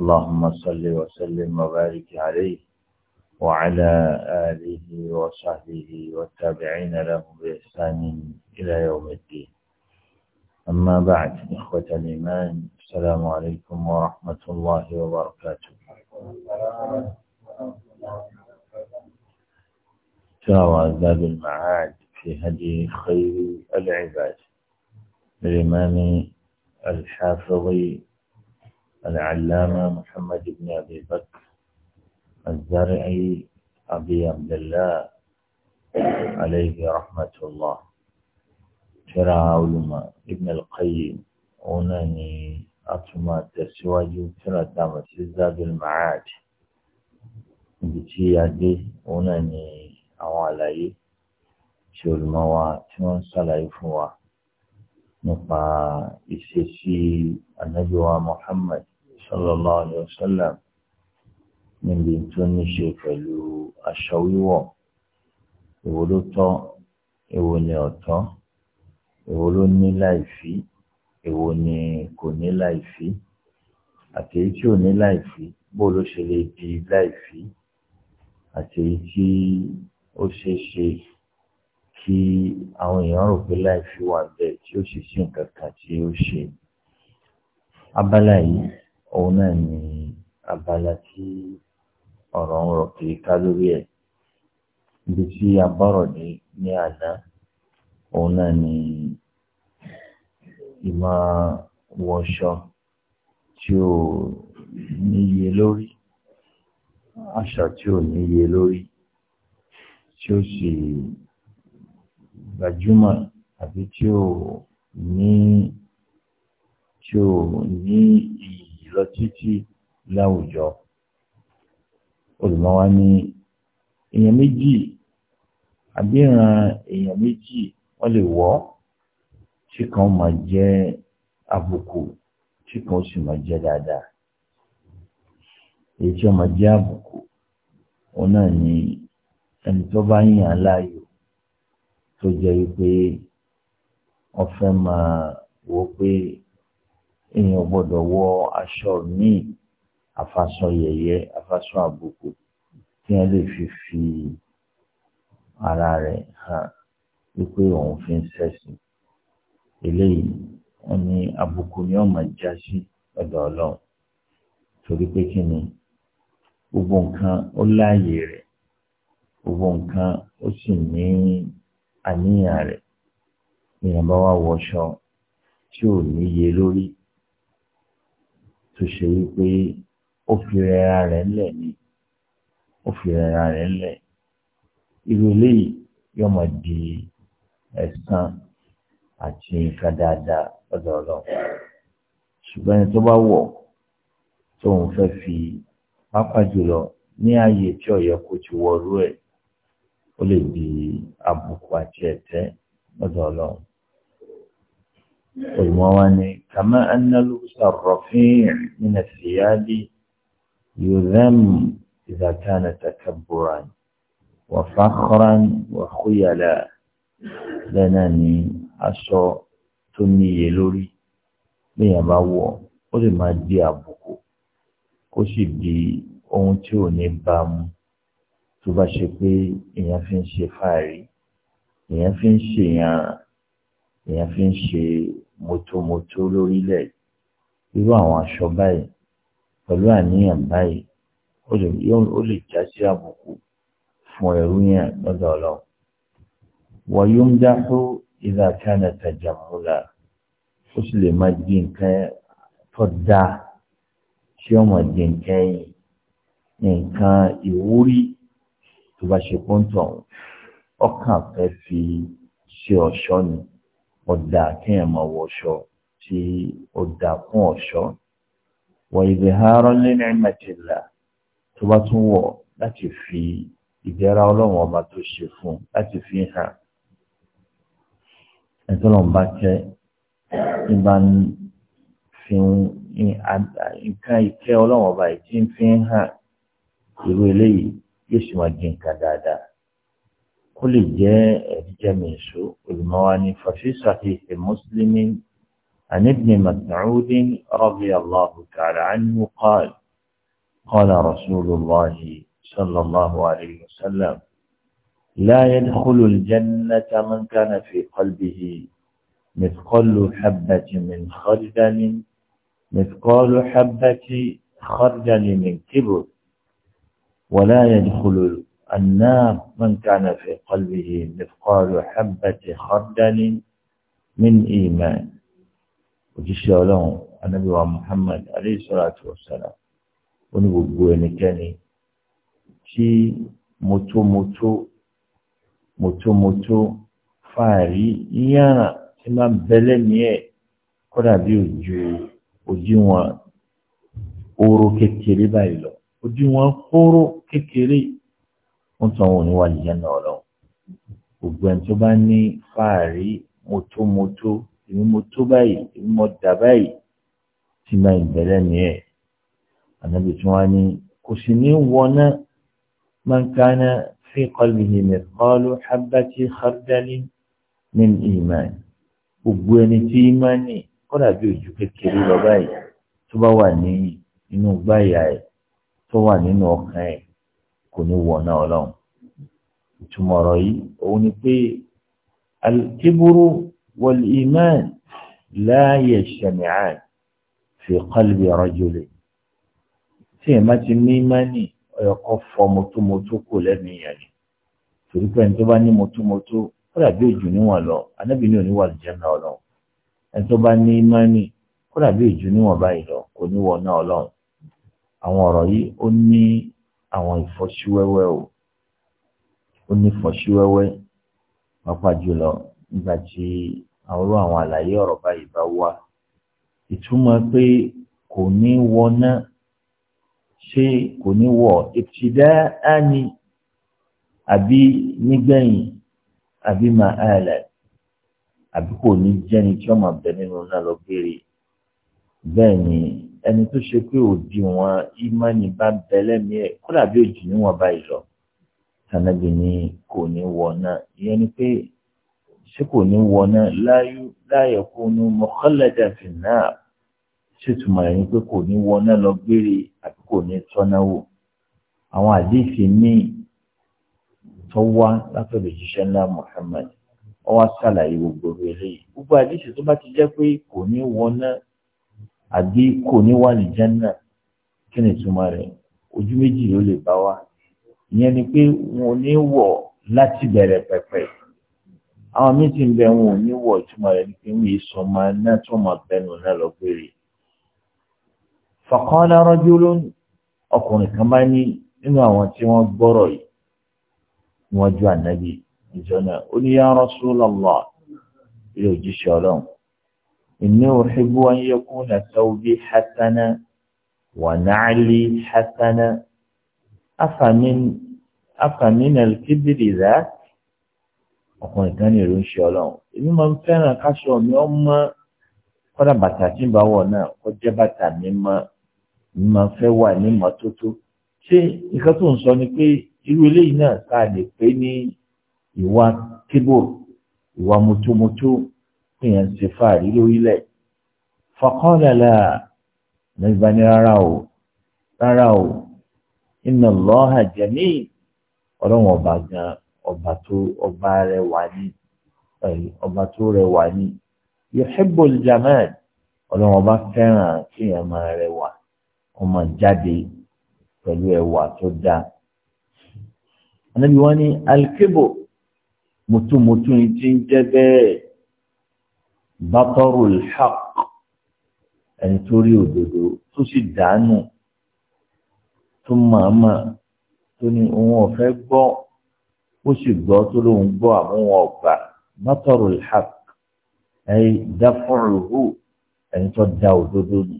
اللهم صل وسلم وبارك عليه وعلى آله وصحبه والتابعين له بإحسان إلى يوم الدين أما بعد إخوة الإيمان السلام عليكم ورحمة الله وبركاته تراوى باب المعاد في هدي خير العباد الإمام الحافظ العلامة محمد بن أبي بكر الزرعي أبي عبد الله عليه رحمة الله شرع علماء ابن القيم أنني أتما تسواج ترى تام زاد المعاد بتي يدي أنني أوالي ṣe olùmọ̀wá tí wọ́n ń ṣàlàyé fún wa محمد sallallahu alaihi wasallam níbi tó ní ṣe pẹ̀lú aṣọ wíwọ̀ èwo ló tọ́ èwo ni ọ̀tọ́ èwo ló ní láìfí èwo ni kò ní láìfí àti èyí tí ò ní láìfí bó ló ṣe lè di láìfí àti èyí tí ó ṣe ṣe kí àwọn èèyàn rò pé láìfí wà bẹ́ẹ̀ tí ó sì sí nǹkan kan tí ó ṣe abala yìí òun náà ni abala tí ọ̀rọ̀ ń rọ̀ kiri ká lórí ẹ̀ ibi tí a bọ̀rọ̀ dé ní àná òun náà ni ìmọ̀ wọṣọ tí ó níye lórí àṣà tí ò níye lórí tí ó sì gbajúmọ̀ àbí tí ò ní tí ò ní iye lọ títí láwùjọ olùmọ̀wá ní èèyàn méjì àbíran èèyàn méjì wọ́n lè wọ́ tí kan máa jẹ́ àbùkù tí kan sì máa jẹ́ dáadáa èyí tí ó máa jẹ́ àbùkù òun náà ni ẹni tó bá yàn án láàyò tó jẹ́ wípé wọ́n fẹ́ máa wò pé èèyàn gbọ́dọ̀ wọ aṣọ míì àfàṣọ yẹ̀yẹ́ àfàṣọ àbùkù tí wọ́n lè fi fi ara rẹ̀ hàn wípé òun fi ń ṣẹ̀sìn eléyìí wọ́n ní àbùkù ni wọ́n máa já sí ọ̀dọ̀ Ọlọ́run torí pé kí ni gbogbo nǹkan ó láàyè rẹ̀ gbogbo nǹkan ó sì ní àníyàn rẹ̀ èèyàn bá wá wọṣọ tí ò níye lórí tó ṣe wípé ó fi rẹra rẹ̀ lẹ̀ ni ó fi rẹra rẹ̀ lẹ̀ irú eléyìí yóò máa di ẹ̀san àti nǹkan dáadáa lọ́dọ̀ ọlọ́run ṣùgbọ́n ẹni tó bá wọ̀ tóun fẹ́ fi pápá jùlọ ní ààyè tí ọ̀yọ́ kò ti wọrú ẹ̀ ó lè di àbùkù àti ẹ̀tẹ́ lọ́dọ̀ المواني كما أن لبس الرفيع من الثياب يذم إذا كان تكبرا وفخرا وخيلا لنا ni aṣọ tó níye lórí léèyàn bá wọ̀ ó lè máa di àbùkù kó sì di ohun tí ò ní bá mu tó bá ṣe pé èèyàn fi ń ṣe fáàrí èèyàn fi ń ṣèyàn èèyàn fi ń ṣe mọ́tòmọ́tò lórílẹ̀ irú àwọn aṣọ báyìí pẹ̀lú àníyàn báyìí ó lè já sí àbùkù fún ẹrú yẹn lọ́dọ̀ ọlọ́run. wàyúndáhó ìdàkánà tàjàmúlà ó sì lè máa di nǹkan tó dáa tí ó mọ̀ di nǹkan ẹ̀yìn nǹkan ìwúrí tó bá ṣe pọ́ńtọ̀ ọkàn fẹ́ fi ṣe ọ̀ṣọ́ ni. ọ̀dà kéèyàn máa wọ ọ̀ṣọ́ tí ó dà fún ọ̀ṣọ́ wọ ìdèhárọ́ nínú ìmọ̀tìlá tó bá tún wọ̀ láti fi ìdẹ́ra ọlọ́run ọba tó ṣe fún láti fi hàn ẹ̀tọ́ lọ́n bá kẹ́ fi nǹkan ìkẹ́ ọlọ́run ọba yìí tí ń fi hàn كل جاء jẹ́ ẹ̀díjẹ́mi èso صحيح مسلم عن ابن مسعود رضي الله تعالى عنه قال قال رسول الله صلى الله عليه وسلم لا يدخل الجنة من كان في قلبه مثقال حبة من خردل مثقال حبة خردل من كبر ولا يدخل النار من كان في قلبه مثقال حبة خردل من إيمان وجيش لهم النبي محمد عليه الصلاة والسلام ونقول نكاني tí mutumutu mutumutu fàárí yíyàrá tí máa bẹ̀lẹ̀ ní ẹ̀ kọ́dà bí ojú òdiwọ̀n oró kékeré báyìí lọ òdiwọ̀n kóró kékeré yìí wọ́n tàn wọ́n níwà lè jẹ́nà ọ̀rọ̀ gbogbo ẹni tó bá ní fáàrí mọ́tò mọ́tò èmi mọ́tò báyìí èmi mọ́ dà báyìí tí máa ń bẹ̀rẹ̀ ní ẹ̀ tí wọ́n á ní kò sì ní wọná man kana fi qalbihi mithqalu habbati khardalin min iman gbogbo ẹni tí ìmánì kọ́dà bí ojú kékeré lọ báyìí tó bá wà ní inú gbáyà ẹ̀ tó wà nínú ọkàn ẹ̀ kò ní wọ̀ náà ọlọ́run ìtumọ̀ ọ̀rọ̀ yìí òun ni pé alkiburu wal iman la yajtami'an fi qalbi rajulin tí èèmá ti ní mánì ọ̀yọ̀kọ́ fọ mọ́tòmọ́tò kò lẹ́mìíyàn ni torí pé ẹni tó bá ní mọ́tòmọ́tò ó dàbí òjò níwọ̀n lọ anábì ní òní wà lùjẹ́ náà ẹni tó bá ní mánì ó dàbí òjò níwọ̀n báyìí lọ kò níwọ̀n náà lọ àwọn ọ̀rọ̀ yìí ó ní àwọn ìfọ́síwẹ́wẹ́ o ó ní ìfọ́síwẹ́wẹ́ pàápàá jùlọ nígbà tí àwọn àwọn àlàyé ọ̀rọ̀ báyìí bá wá ìtumọ̀ pé kò ní wọná ṣé kò ní wọ ìtìdá áni àbí nígbẹ̀yìn àbí máa àlẹ àbí kò ní jẹ́ni tí wọ́n máa bẹ nínú náà lọ béèrè bẹ́ẹ̀ ni ẹni tó ṣe pé òdiwọ̀n ìmánì bá bẹ̀lẹ̀ mi ẹ̀ kódà bí òjì níwọ̀n báyìí lọ sànàbì ni kò ní wọ̀ náà ìyẹn ni pé ṣé kò ní wọ̀ náà láyọ̀ kó nu mọ̀kànlẹ́dà fi náà ṣètùmọ̀ ẹ̀ ni pé kò ní wọ̀ náà lọ gbére àbí kò ní tọ́ná àwọn àdéhìí míì tó wá látọ̀dọ̀ jíṣẹ́ ńlá Muhammad ó wá sàlàyé gbogbo eléyìí gbogbo àdéhìí tó bá ti jẹ́ pé kò ní wọ̀ náà àbí kò ní wà ní jẹ́nà kí ni ìtumọ̀ rẹ̀ ojú méjì ló lè bá wa ìyẹn ni pé wọn ò ní wọ̀ láti bẹ̀rẹ̀ pẹ̀pẹ̀ àwọn míì ti ń bẹ wọn ò ní wọ̀ ìtumọ̀ rẹ̀ ni pé wọn yìí sọ máa ná tó máa bẹnu náà lọ gbére. faqala rajulun ọkùnrin kan bá ní nínú àwọn tí wọ́n gbọ́rọ̀ yìí wọ́n ju ànábì ìjọ náà ó ní ya Rasulullah ilé òjíṣẹ́ ọlọ́run inni uhibbu an يكون thawbi hasana ونعلي na'li hasana afamin afamin al-kibri dhat ọkùnrin kan ní ìròyìn ṣe ọlọ́run èmi máa ń fẹ́ràn káṣọ mi ọ mọ́ kọ́dà bàtà tí ń bá wọ̀ náà kọ́ jẹ́ bàtà mi mọ́ mi máa ń fẹ́ wà ní mọ́tótó ṣé nǹkan tó ń sọ ni pé irú eléyìí náà tá lè pè ní ìwà kíbò ìwà mutumutu èèyàn ṣe fàárí lórílẹ̀ fàkọ́lẹ̀lá nígbà ní rárá o rárá o iná lọ́hà jẹ̀mí ọlọ́run ọba gan ọba tó ọba rẹwà ní ọba tó rẹwà ní yuhibbul jamal ọlọ́run ọba fẹ́ràn kéèyàn máa rẹwà ọmọ jáde pẹ̀lú ẹwà tó dáa anabi wọn ni alikibo mutumutu ti ń jẹ bẹ́ẹ̀ batarul haqq ẹni tó rí òdodo tó sì dànù tó màmá tó ní òun ọ̀fẹ́ gbọ́ ó sì gbọ́ tó lóun gbọ́ àwọn ọ̀gbà batarul haqq ẹ̀yìn dáfọ́rùhù ẹni tó da òdodo ni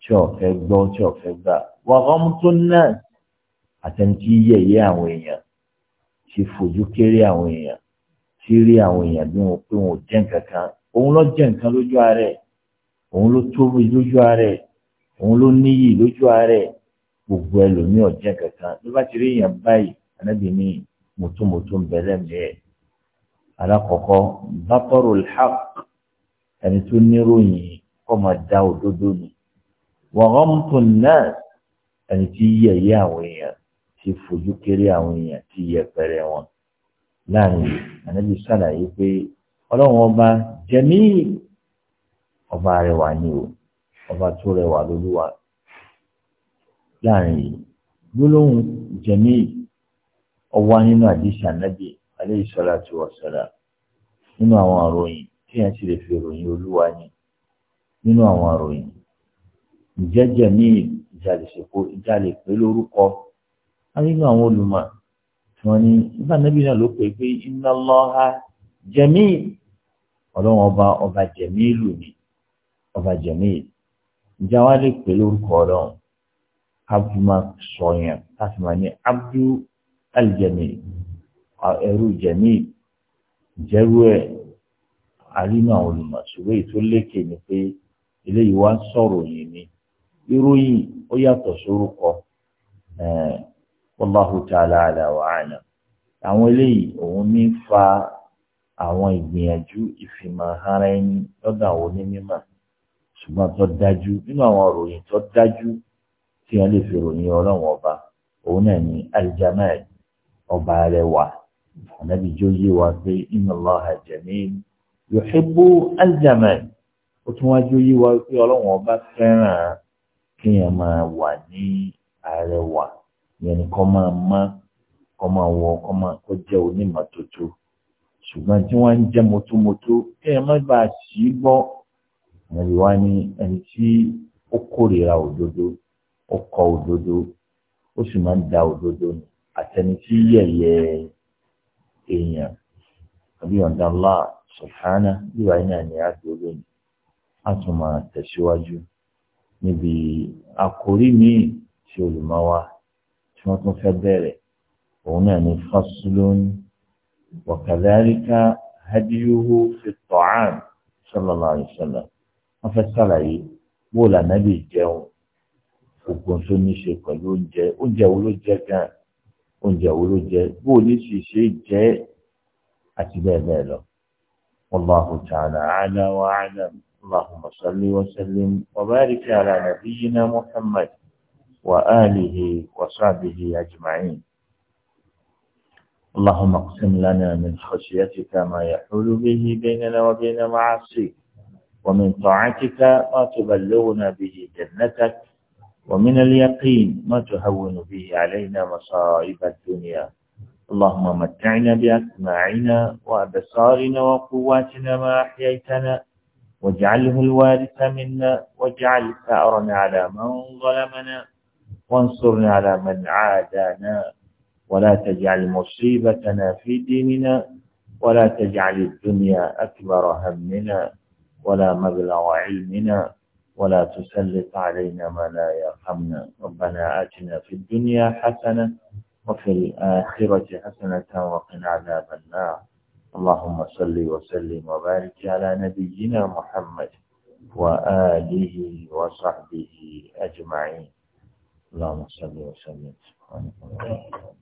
tí ọ̀fẹ́ gbọ́ tí ọ̀fẹ́ gbà wà ọmọ tó náà àtẹnití yẹ̀yẹ́ àwọn èèyàn ti fojú kéré àwọn èèyàn ti rí àwọn èèyàn bí wọn pé wọn ò jẹ́ nǹkan kan òun ló jẹ́ nǹkan lójú ààrẹ òun ló tóbi lójú ààrẹ òun ló níyì lójú ààrẹ gbogbo ẹlòmíì ọ̀jẹ́ kankan ló bá ti rí èèyàn báyìí anábì ní mùtúmùtú ń bẹ̀rẹ̀ mẹ́ẹ̀. alákọ̀ọ́kọ́ batarul haqq ẹni tó níròyìn kọ́ máa dá òdodo ni wa ghamtun nas ẹni tí yẹ̀yẹ́ àwọn èèyàn ti fojú kéré àwọn èèyàn ti yẹpẹrẹ wọn láàrin anábì sàlàyé pé ọlọ́run ọba jẹ̀mí ọba rẹwà ní o ọba tó rẹwà lolúwa láàrin yìí gbólóhùn jẹ̀mí ọwọ́ nínú àdìsí ànábì alayhi tí wa salam nínú àwọn àròyìn tí yẹn ti lè fi ròyìn olúwa ni nínú àwọn àròyìn ǹjẹ́ lórúkọ nínú àwọn olùmọ̀ tí wọ́n ní ọlọ́run ọba ọba jẹ̀míìlù ni ọba jẹ̀míìlù ǹjẹ́ wàá lè pè lórúkọ ọlọ́run káfí máa sọ máa ní abdu aljẹ̀míìlù ẹrú jẹ̀míìlù jẹ́rú ẹ̀ arínú àwọn tó lékè ni pé eléyìí wá sọ̀rọ̀ yìí ni ìròyìn ó yàtọ̀ sórúkọ eh, ala àwọn eléyìí òun àwọn ìgbìyànjú ìfìmọ̀ ara ẹni lọ́dọ̀ àwọn onímọ̀ ṣùgbọ́n tó dájú nínú àwọn ròyìn tó dájú tí wọ́n lè fi ròyìn ọlọ́run ọba òun náà ní aljamal ọba arẹwà ọ̀nàbí jó yé wa pé ha Allaha ó tún wá jó yé wa ọba fẹ́ràn máa wà ní arẹwà yẹn ni kọ́ máa kọ́ máa wọ kọ́ máa ṣùgbọ́n tí wọ́n ń jẹ́ mọ́tómọ́tó kí ẹ má bàa sí gbọ́ ẹ̀rí wá ní ẹni tí ó kórìíra òdodo ó kọ òdodo ó sì máa ń da òdodo nù àtẹni tí yẹ̀yẹ́ èèyàn àbí ọ̀dà Allah subhana bíbá iná ni a dúró lónìí a tún máa tẹ̀síwájú níbi àkórí míì tí olùmọ̀ wa tí wọ́n tún fẹ́ bẹ̀rẹ̀ òun náà ni fásilónì. وكذلك هديه في الطعام صلى الله عليه وسلم وفسر لي بولا نبي جاو ogun tó ní ṣe pẹ̀lú oúnjẹ oúnjẹ wo ló jẹ gan oúnjẹ wo ló jẹ bó ní sì ṣe jẹ àti bẹ́ẹ̀ bẹ́ẹ̀ lọ. wallahu ta'ala a'la wa a'lam allahumma salli wa sallim wa barik ala nabiyyina muhammad wa alihi wa sahbihi ajma'in. اللهم اقسم لنا من خشيتك ما يحول به بيننا وبين معاصيك ومن طاعتك ما تبلغنا به جنتك ومن اليقين ما تهون به علينا مصائب الدنيا اللهم متعنا بأسماعنا وأبصارنا وقواتنا ما أحييتنا واجعله الوارث منا واجعل ثأرنا على من ظلمنا وانصرنا على من عادانا ولا تجعل مصيبتنا في ديننا ولا تجعل الدنيا أكبر همنا ولا مبلغ علمنا ولا تسلط علينا ما لا يرحمنا ربنا آتنا في الدنيا حسنة وفي الآخرة حسنة وقنا عذاب النار اللهم صل وسلم وبارك على نبينا محمد وآله وصحبه أجمعين اللهم صل وسلم سبحانك اللهم